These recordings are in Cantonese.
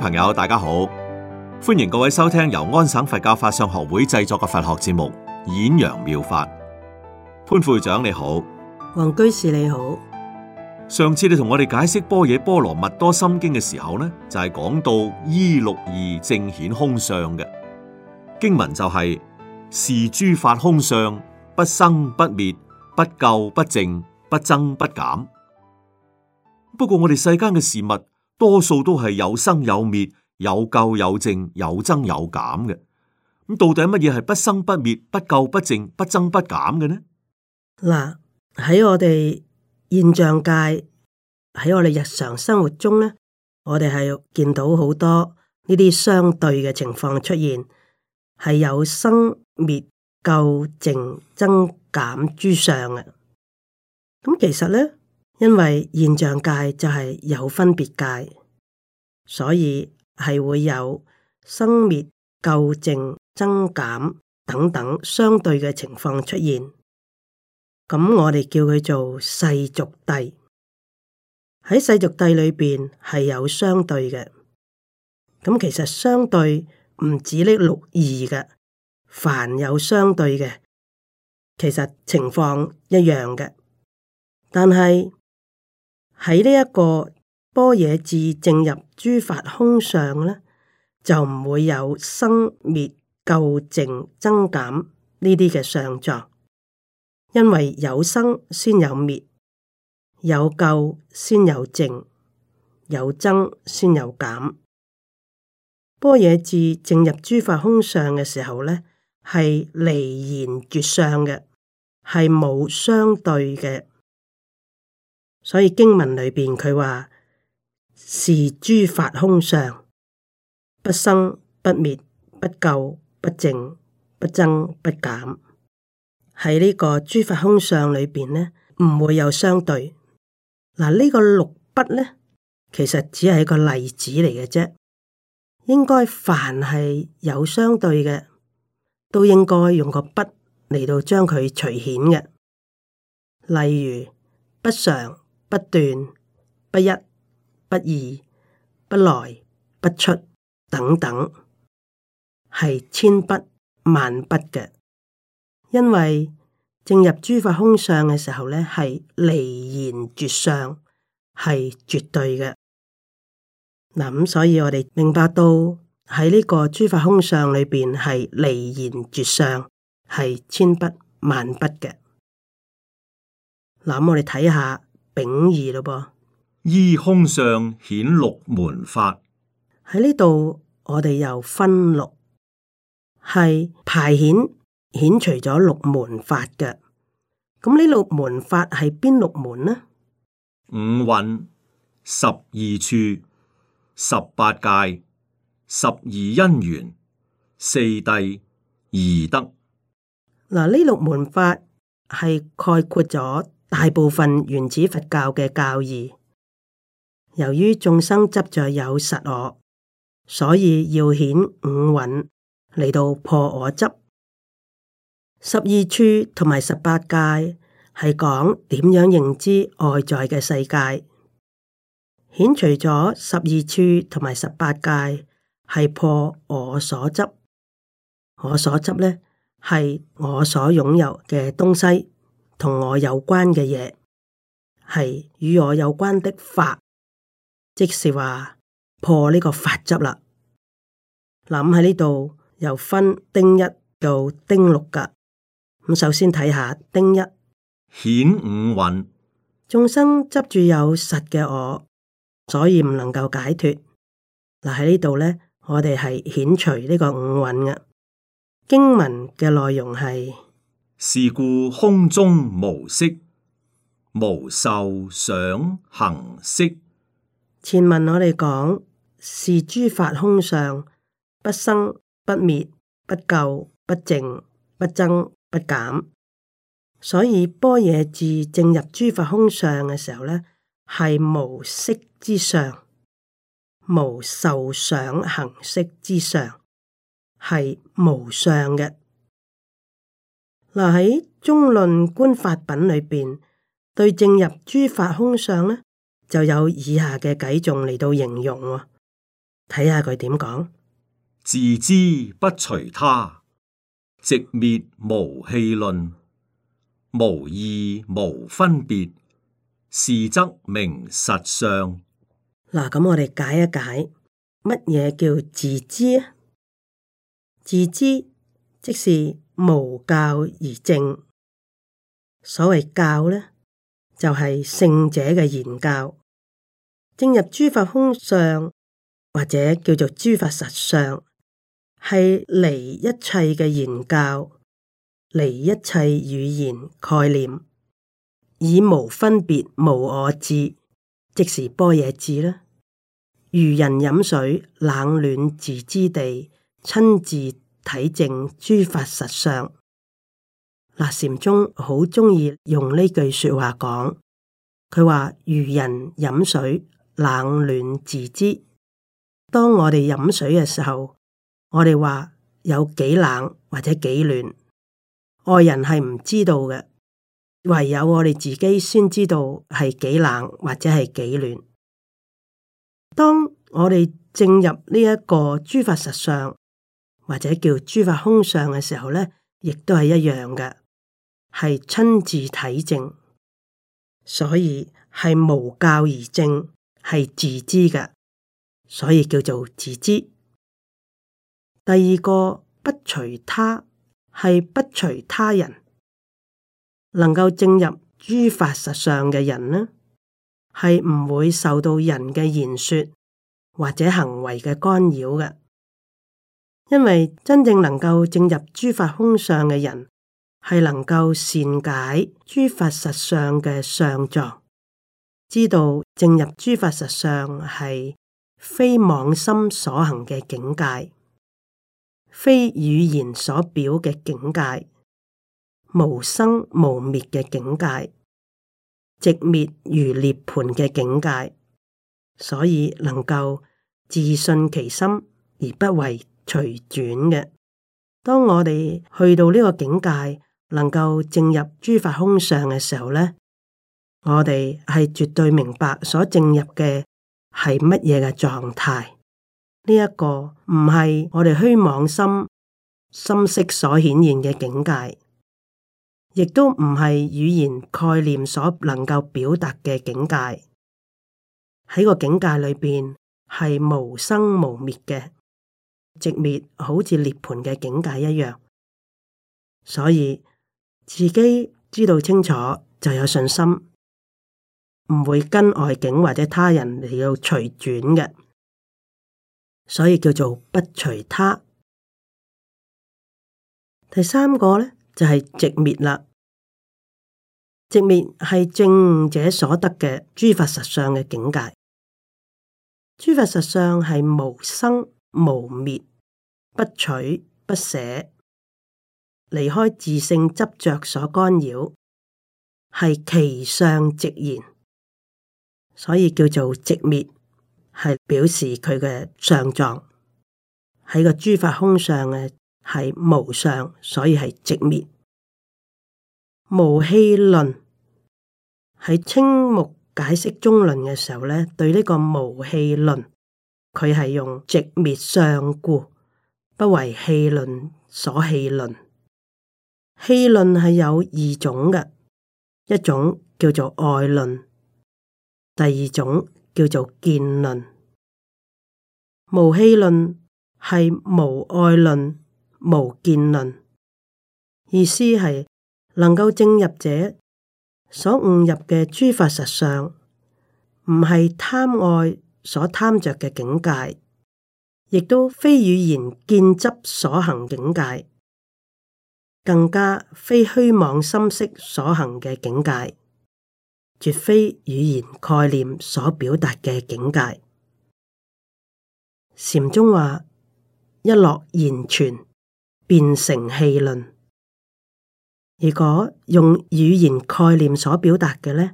朋友，大家好，歡迎各位收聽由安省佛教法相學會製作嘅佛學節目《演揚妙，妙法》。潘副會長你好，黃居士你好。上次你同我哋解釋《般若波羅蜜多心經》嘅時候呢，就係、是、講到依六義證顯空相嘅經文，就是，就係是諸法空相，不生不滅，不垢不淨，不增不減。不過我哋世間嘅事物。多數都係有生有滅、有垢有淨、有增有減嘅。咁到底乜嘢係不生不滅、不垢不淨、不增不減嘅呢？嗱，喺我哋現象界，喺我哋日常生活中咧，我哋係見到好多呢啲相對嘅情況出現，係有生滅、垢、淨、增減諸相嘅。咁其實咧，因為現象界就係有分別界，所以係會有生滅、垢淨、增減等等相對嘅情況出現。咁我哋叫佢做世俗諦。喺世俗諦裏邊係有相對嘅。咁其實相對唔止呢六義嘅，凡有相對嘅，其實情況一樣嘅，但係。喺呢一個般若智正入諸法空相咧，就唔會有生滅、垢淨、增減呢啲嘅相狀，因為有生先有滅，有垢先有淨，有增先有減。般若智正入諸法空相嘅時候咧，係離言絕相嘅，係冇相對嘅。所以經文裏邊佢話是諸法空相，不生不滅，不垢不淨，不增不減。喺呢個諸法空相裏邊呢，唔會有相對。嗱、啊，呢、呢個六不呢，其實只係一個例子嚟嘅啫。應該凡係有相對嘅，都應該用個不嚟到將佢除顯嘅。例如不常。不斷不一不二不來不出等等係千不萬不嘅，因為正入諸法空相嘅時候咧，係離言絕相，係絕對嘅。嗱、嗯、咁，所以我哋明白到喺呢個諸法空相裏邊係離言絕相，係千不萬不嘅。嗱、嗯，我哋睇下。景儀咯，噃，依空上遣六門法。喺呢度，我哋又分六係排遣，遣除咗六門法嘅。咁呢六門法係邊六門呢？五蘊、十二處、十八界、十二因緣、四諦、而德。嗱，呢六門法係概括咗。大部分原始佛教嘅教義，由於眾生執着有實我，所以要顯五蘊嚟到破我執。十二處同埋十八界係講點樣認知外在嘅世界。遣除咗十二處同埋十八界係破我所執，我所執呢係我所擁有嘅東西。同我有關嘅嘢，係與我有關的法，即是話破呢個法執啦。嗱、嗯，喺呢度又分丁一到丁六噶咁首先睇下丁一顯五蘊，眾生執住有實嘅我，所以唔能夠解脫。嗱、嗯，喺呢度咧，我哋係顯除呢個五蘊嘅經文嘅內容係。是故空中無色，無受想行識。前文我哋講是諸法空相，不生不滅，不垢不淨，不增不減。所以般若智正入諸法空相嘅時候呢，係無色之相。無受想行識之相，係無相嘅。嗱喺中論觀法品裏邊，對正入諸法空相咧，就有以下嘅偈頌嚟到形容，哦，睇下佢點講。自知不隨他，直滅無戲論，無異無分別，是則名實相。嗱，咁我哋解一解乜嘢叫自知啊？自知，即是。無教而正。所謂教呢，就係、是、聖者嘅言教。正入諸法空相，或者叫做諸法實相，係離一切嘅言教，離一切語言概念，以無分別、無我智，即是般若智啦。如人飲水，冷暖自知地，親自。睇淨諸法實相，那禪宗好中意用呢句話說話講，佢話如人飲水，冷暖自知。當我哋飲水嘅時候，我哋話有幾冷或者幾暖，外人係唔知道嘅，唯有我哋自己先知道係幾冷或者係幾暖。當我哋進入呢一個諸法實相，或者叫諸法空相嘅時候咧，亦都係一樣嘅，係親自體證，所以係無教而證，係自知嘅，所以叫做自知。第二個，不隨他，係不隨他人，能夠證入諸法實相嘅人呢，係唔會受到人嘅言說或者行為嘅干擾嘅。因為真正能夠正入諸法空相嘅人，係能夠善解諸法實相嘅相狀，知道正入諸法實相係非妄心所行嘅境界，非語言所表嘅境界，無生無滅嘅境界，寂滅如涅槃嘅境界，所以能夠自信其心而不為，隨轉嘅，當我哋去到呢個境界，能夠證入諸法空相嘅時候咧，我哋係絕對明白所證入嘅係乜嘢嘅狀態。呢、這、一個唔係我哋虛妄心心識所顯現嘅境界，亦都唔係語言概念所能夠表達嘅境界。喺、這個境界裏邊係無生無滅嘅。寂滅好似涅盤嘅境界一樣，所以自己知道清楚就有信心，唔會跟外境或者他人嚟到隨轉嘅，所以叫做不隨他。第三個咧就係、是、寂滅啦，寂滅係正者所得嘅諸法實相嘅境界，諸法實相係無生。無滅，不取不捨，離開自性執着所干擾，係其相寂然，所以叫做寂滅，係表示佢嘅相狀喺個諸法空相嘅係無相，所以係寂滅。無戲論，喺青目解釋中論嘅時候咧，對呢個無戲論。佢係用寂滅相故，不為戲論所戲論。戲論係有二種嘅，一種叫做愛論，第二種叫做見論。無戲論係無愛論、無見論，意思係能夠正入者所悟入嘅諸法實相，唔係貪愛，所貪着嘅境界，亦都非語言見執所行境界，更加非虛妄心識所行嘅境界，絕非語言概念所表達嘅境界。禪宗話：一落言傳，變成戲論。如果用語言概念所表達嘅呢，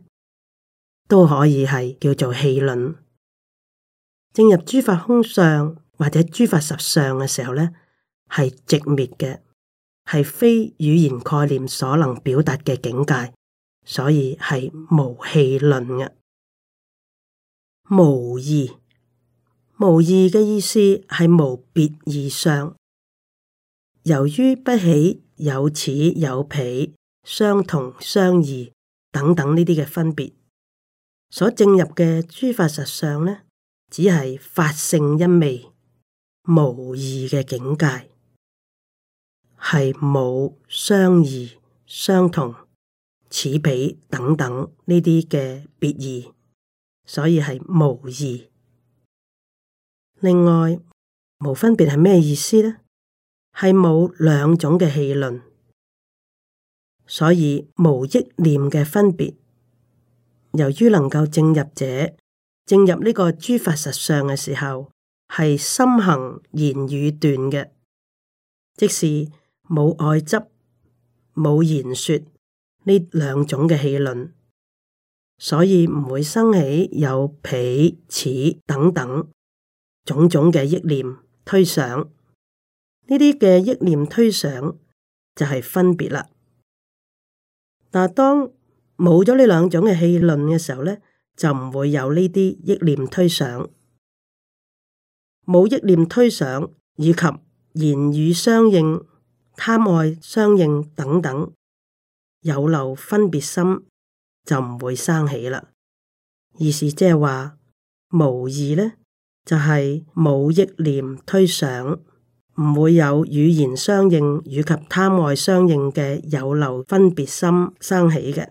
都可以係叫做戲論。進入諸法空相或者諸法實相嘅時候呢，係寂滅嘅，係非語言概念所能表達嘅境界，所以係無戲論嘅無義，無義嘅意思係無別義相，由於不起有此有彼相同相異等等呢啲嘅分別，所進入嘅諸法實相呢。只係法性一味，無二嘅境界，係冇相異、相同、似彼等等呢啲嘅別異，所以係無二。另外，無分別係咩意思呢？係冇兩種嘅戲論，所以無憶念嘅分別。由於能夠正入者。進入呢個諸法實相嘅時候，係心行言語斷嘅，即是冇外執、冇言說呢兩種嘅戲論，所以唔會生起有彼此等等種種嘅憶念推想。呢啲嘅憶念推想就係分別啦。嗱，當冇咗呢兩種嘅戲論嘅時候咧。就唔會有呢啲憶念推想，冇憶念推想，以及言語相應、貪愛相應等等有漏分別心，就唔會生起啦。意思即係話無意呢，就係冇憶念推想，唔會有語言相應以及貪愛相應嘅有漏分別心生起嘅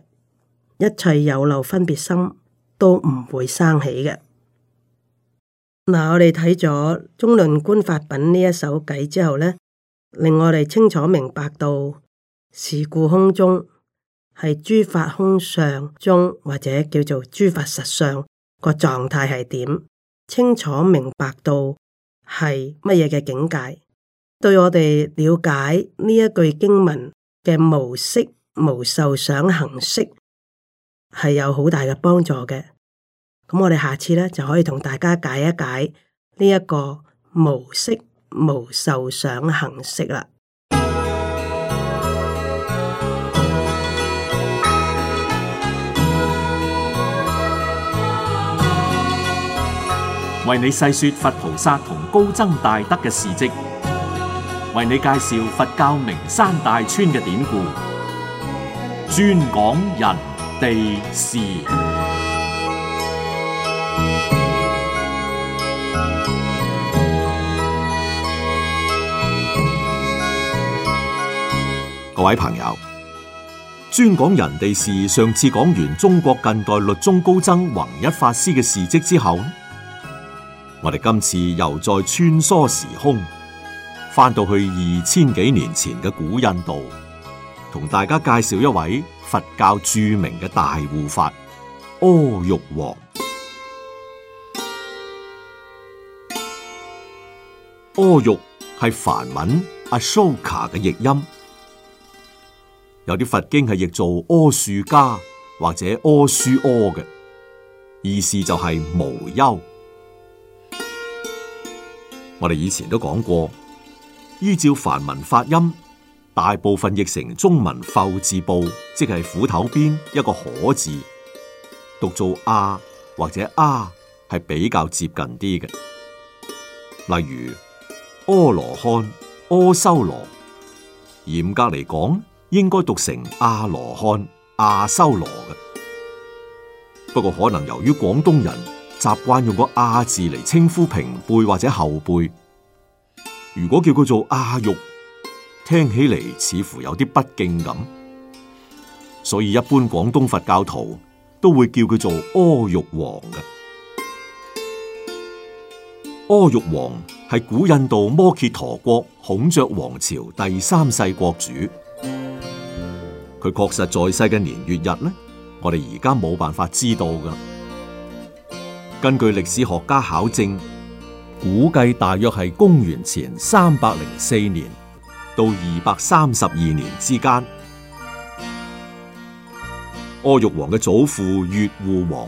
一切有漏分別心。都唔會生起嘅。嗱，我哋睇咗《中論觀法品》呢一首偈之後咧，令我哋清楚明白到是故空中係諸法空相中，或者叫做諸法實相個狀態係點，清楚明白到係乜嘢嘅境界，對我哋了解呢一句經文嘅無色無受想行識。係有好大嘅幫助嘅，咁我哋下次咧就可以同大家解一解呢一個無色無受想行識啦。為你細說佛菩薩同高僧大德嘅事跡，為你介紹佛教名山大川嘅典故，專講人地事，各位朋友，專講人哋事。上次講完中國近代律宗高僧弘一法師嘅事蹟之後，我哋今次又再穿梭時空，返到去二千幾年前嘅古印度，同大家介紹一位。佛教著名嘅大護法阿育王，阿育係梵文阿蘇卡嘅譯音，有啲佛經係譯做阿樹家或者阿樹柯嘅，意思就係無憂。我哋以前都講過，依照梵文發音。大部分譯成中文“阜字部”，即係斧頭邊一個“可”字，讀做“阿”或者“阿”，係比較接近啲嘅。例如“阿羅漢”羅羅漢、“阿修羅”，嚴格嚟講應該讀成“阿羅漢”、“阿修羅”嘅。不過可能由於廣東人習慣用個“阿”字嚟稱呼平輩或者後輩，如果叫佢做“阿玉”。聽起嚟似乎有啲不敬咁，所以一般廣東佛教徒都會叫佢做阿育王嘅。阿育王係古印度摩羯陀國孔雀王朝第三世國主，佢確實在世嘅年月日呢？我哋而家冇辦法知道噶。根據歷史學家考證，估計大約係公元前三百零四年，到二百三十二年之間，柯玉皇嘅祖父月護王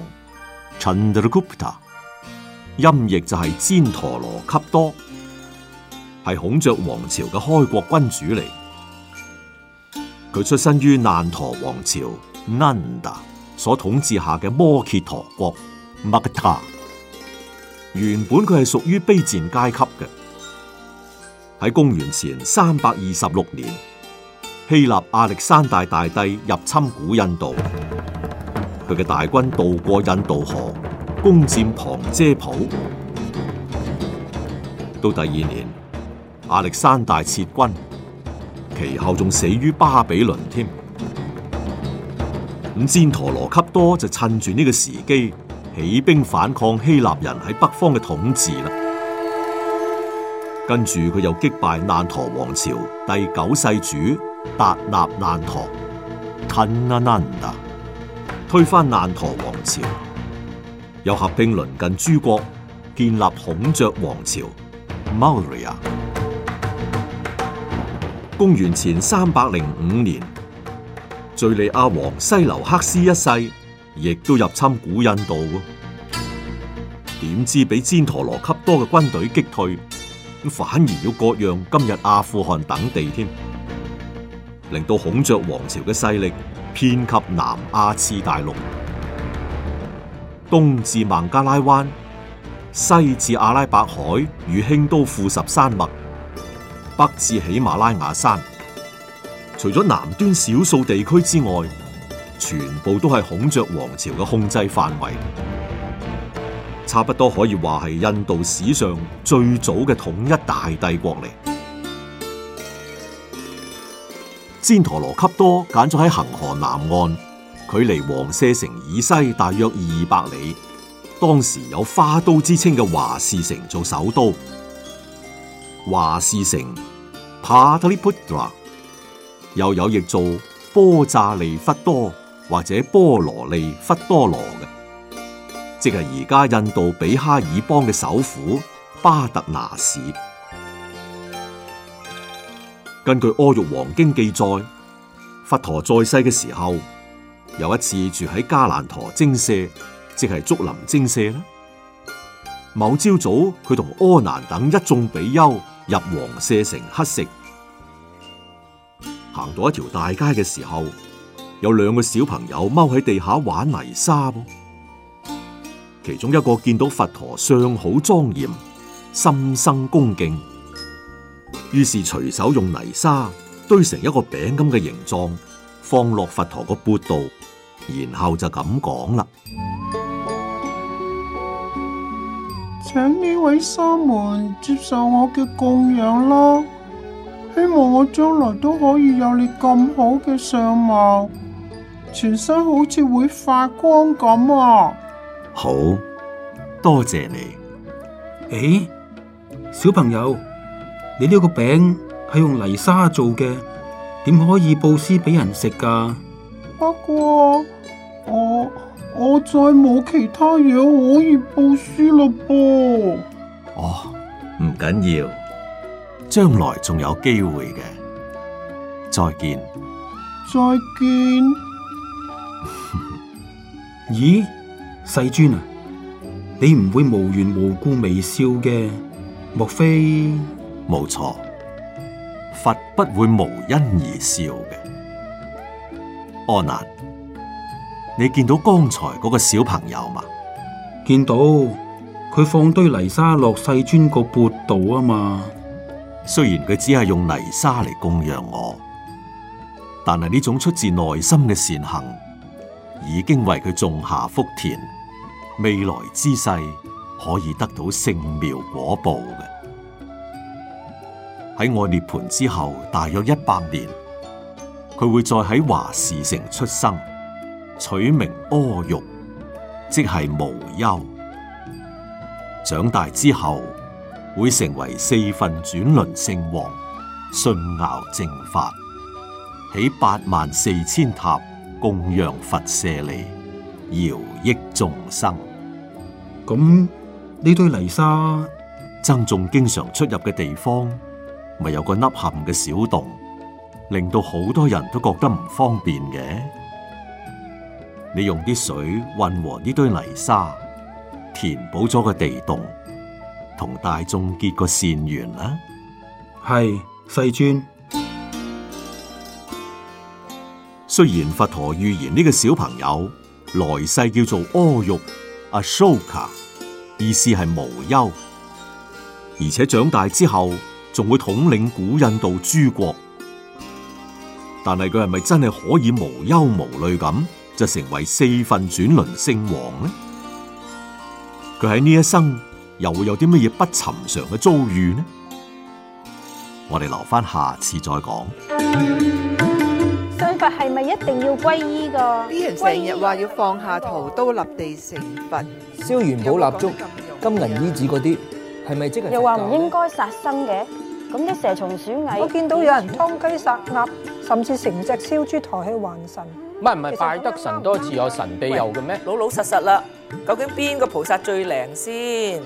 c h a n d 音譯就係旃陀羅笈多，係孔雀王朝嘅開國君主嚟。佢出身於難陀王朝 （Nanda） 所統治下嘅摩羯陀國 m a g a 原本佢係屬於卑賤階級嘅。喺公元前三百二十六年，希臘亞歷山大大帝入侵古印度，佢嘅大軍渡過印度河，攻佔旁遮普。到第二年，亞歷山大撤軍，其後仲死於巴比倫添。咁旃陀羅笈多就趁住呢個時機，起兵反抗希臘人喺北方嘅統治啦。跟住佢又擊敗難陀王朝第九世主達納難陀，吞推翻難陀王朝，又合併鄰近諸國，建立孔雀王朝。公元前三百零五年，敘利亞王西留克斯一世亦都入侵古印度，點知俾旃陀羅笈多嘅軍隊擊退。反而要割讓今日阿富汗等地添，令到孔雀王朝嘅勢力遍及南亞次大陸，東至孟加拉灣，西至阿拉伯海與興都庫什山脈，北至喜馬拉雅山。除咗南端少數地區之外，全部都係孔雀王朝嘅控制範圍。差不多可以話係印度史上最早嘅統一大帝國嚟。旃陀羅笈多揀咗喺恒河南岸，距離王舍城以西大約二百里。當時有花都之稱嘅華氏城做首都，華氏城 Pataliputra 又有譯做波扎利弗多或者波羅利弗多羅嘅。即係而家印度比哈爾邦嘅首府巴特拿市。根據《阿育王經》記載，佛陀在世嘅時候，有一次住喺加蘭陀精舍，即係竹林精舍啦。某朝早，佢同阿難等一眾比丘入王舍城乞食，行到一條大街嘅時候，有兩個小朋友踎喺地下玩泥沙。其中一個見到佛陀相好莊嚴，心生恭敬，於是隨手用泥沙堆成一個餅咁嘅形狀，放落佛陀個鉢度，然後就咁講啦：請呢位沙門接受我嘅供養啦，希望我將來都可以有你咁好嘅相貌，全身好似會發光咁啊！好多謝你，誒、欸，小朋友，你呢個餅係用泥沙做嘅，點可以布施俾人食㗎？不過我我再冇其他嘢可以布施嘞噃。哦，唔緊要，將來仲有機會嘅。再見。再見。 咦？世尊啊，你唔會無緣無故微笑嘅，莫非？冇錯，佛不會無因而笑嘅。阿難，你見到剛才嗰個小朋友嘛？見到，佢放堆泥沙落世尊個缽度啊嘛。雖然佢只係用泥沙嚟供養我，但係呢種出自內心嘅善行，已經為佢種下福田。未來之世可以得到聖妙果報嘅。喺我涅槃之後大約一百年，佢會再喺華氏城出生，取名阿育，即係無憂。長大之後會成為四份轉輪聖王，信堯正法，起八萬四千塔供養佛舍利，饒益眾生。咁呢堆泥沙，僧眾，經常出入嘅地方，咪有個凹陷嘅小洞，令到好多人都覺得唔方便嘅。你用啲水混和呢堆泥沙，填補咗個地洞，同大眾結個善緣啦。係，世尊，雖然佛陀預言呢個小朋友來世叫做阿育。阿蘇卡，oka，意思係無憂，而且長大之後仲會統領古印度諸國。但係佢係咪真係可以無憂無慮咁，就成為四分轉輪聖王呢？佢喺呢一生又會有啲乜嘢不尋常嘅遭遇呢？我哋留返下次再講。係咪一定要皈依個？啲人成日話要放下屠刀立地成佛，燒元寶蠟燭、金銀衣紙嗰啲，係咪即係？又話唔應該殺生嘅，咁啲蛇蟲鼠蟻，我見到有人劏雞殺鴨，甚至成隻燒豬抬去還神。唔係唔係，拜得神多自有神庇佑嘅咩？老老實實啦，究竟邊個菩薩最靈先？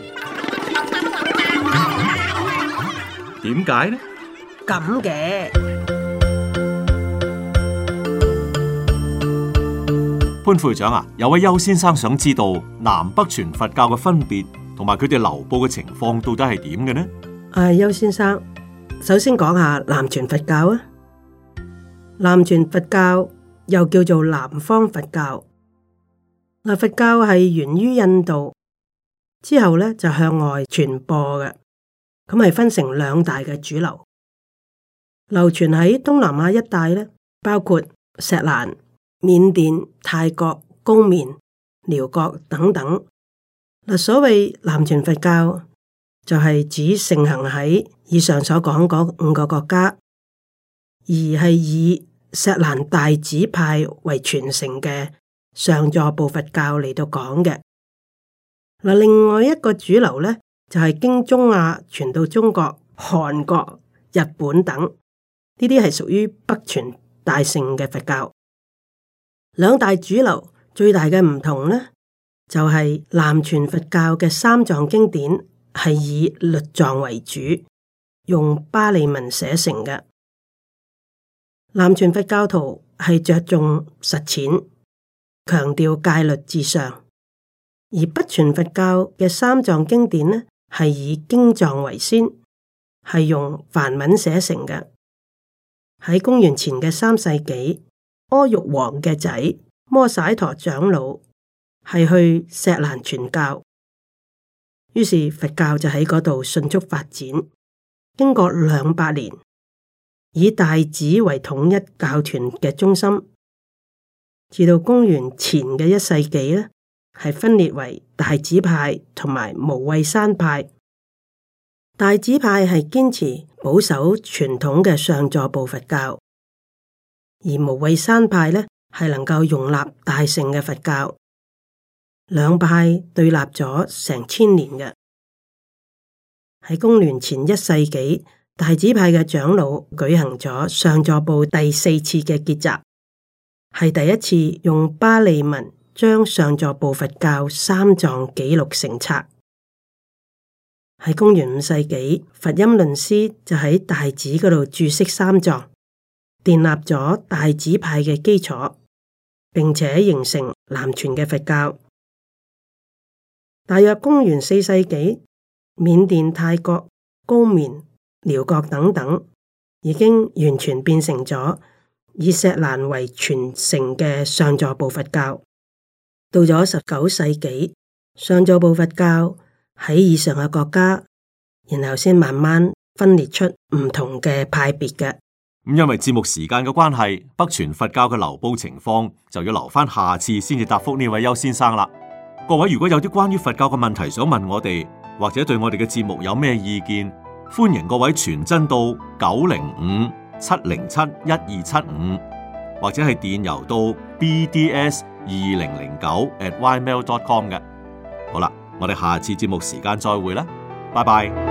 點解呢？咁嘅。潘會長啊，有位邱先生想知道南北傳佛教嘅分別，同埋佢哋流布嘅情況到底係點嘅呢？誒、啊，邱先生，首先講下南傳佛教啊。南傳佛教又叫做南方佛教嗱，佛教係源於印度，之後咧，就向外傳播嘅。咁係分成兩大嘅主流，流傳喺東南亞一帶咧，包括石蘭。緬甸、泰國、高棉、寮國等等，所謂南傳佛教就係、是、指盛行喺以上所講嗰五個國家，而係以錫蘭大寺派為傳承嘅上座部佛教嚟到講嘅。嗱，另外一個主流呢，就係、是、經中亞傳到中國、韓國、日本等，呢啲係屬於北傳大乘嘅佛教。兩大主流最大嘅唔同呢，就係、是、南傳佛教嘅三藏經典係以律藏為主，用巴利文寫成嘅。南傳佛教徒係着重實踐，強調戒律至上；而北傳佛教嘅三藏經典呢，係以經藏為先，係用梵文寫成嘅。喺公元前嘅三世紀。阿育王嘅仔摩哂陀長老係去石蘭傳教，於是佛教就喺嗰度迅速發展。經過兩百年，以大寺為統一教團嘅中心，直到公元前嘅一世紀咧，係分裂為大寺派同埋無畏山派。大寺派係堅持保守傳統嘅上座部佛教。而無畏山派呢，係能夠容納大乘嘅佛教，兩派對立咗成千年嘅。喺公元前一世紀，大寺派嘅長老舉行咗上座部第四次嘅結集，係第一次用巴利文將上座部佛教三藏紀錄成冊。喺公元五世紀，佛音論師就喺大寺嗰度注釋三藏。奠立咗大支派嘅基礎，並且形成南傳嘅佛教。大約公元四世紀，緬甸、泰國、高棉、寮國等等，已經完全變成咗以錫蘭為傳承嘅上座部佛教。到咗十九世紀，上座部佛教喺以上嘅國家，然後先慢慢分裂出唔同嘅派別嘅。咁因為節目時間嘅關係，北傳佛教嘅流布情況就要留翻下次先至答覆呢位邱先生啦。各位如果有啲關於佛教嘅問題想問我哋，或者對我哋嘅節目有咩意見，歡迎各位傳真到九零五七零七一二七五，75, 或者係電郵到 bds 二零零九 at ymail dot com 嘅。好啦，我哋下次節目時間再會啦，拜拜。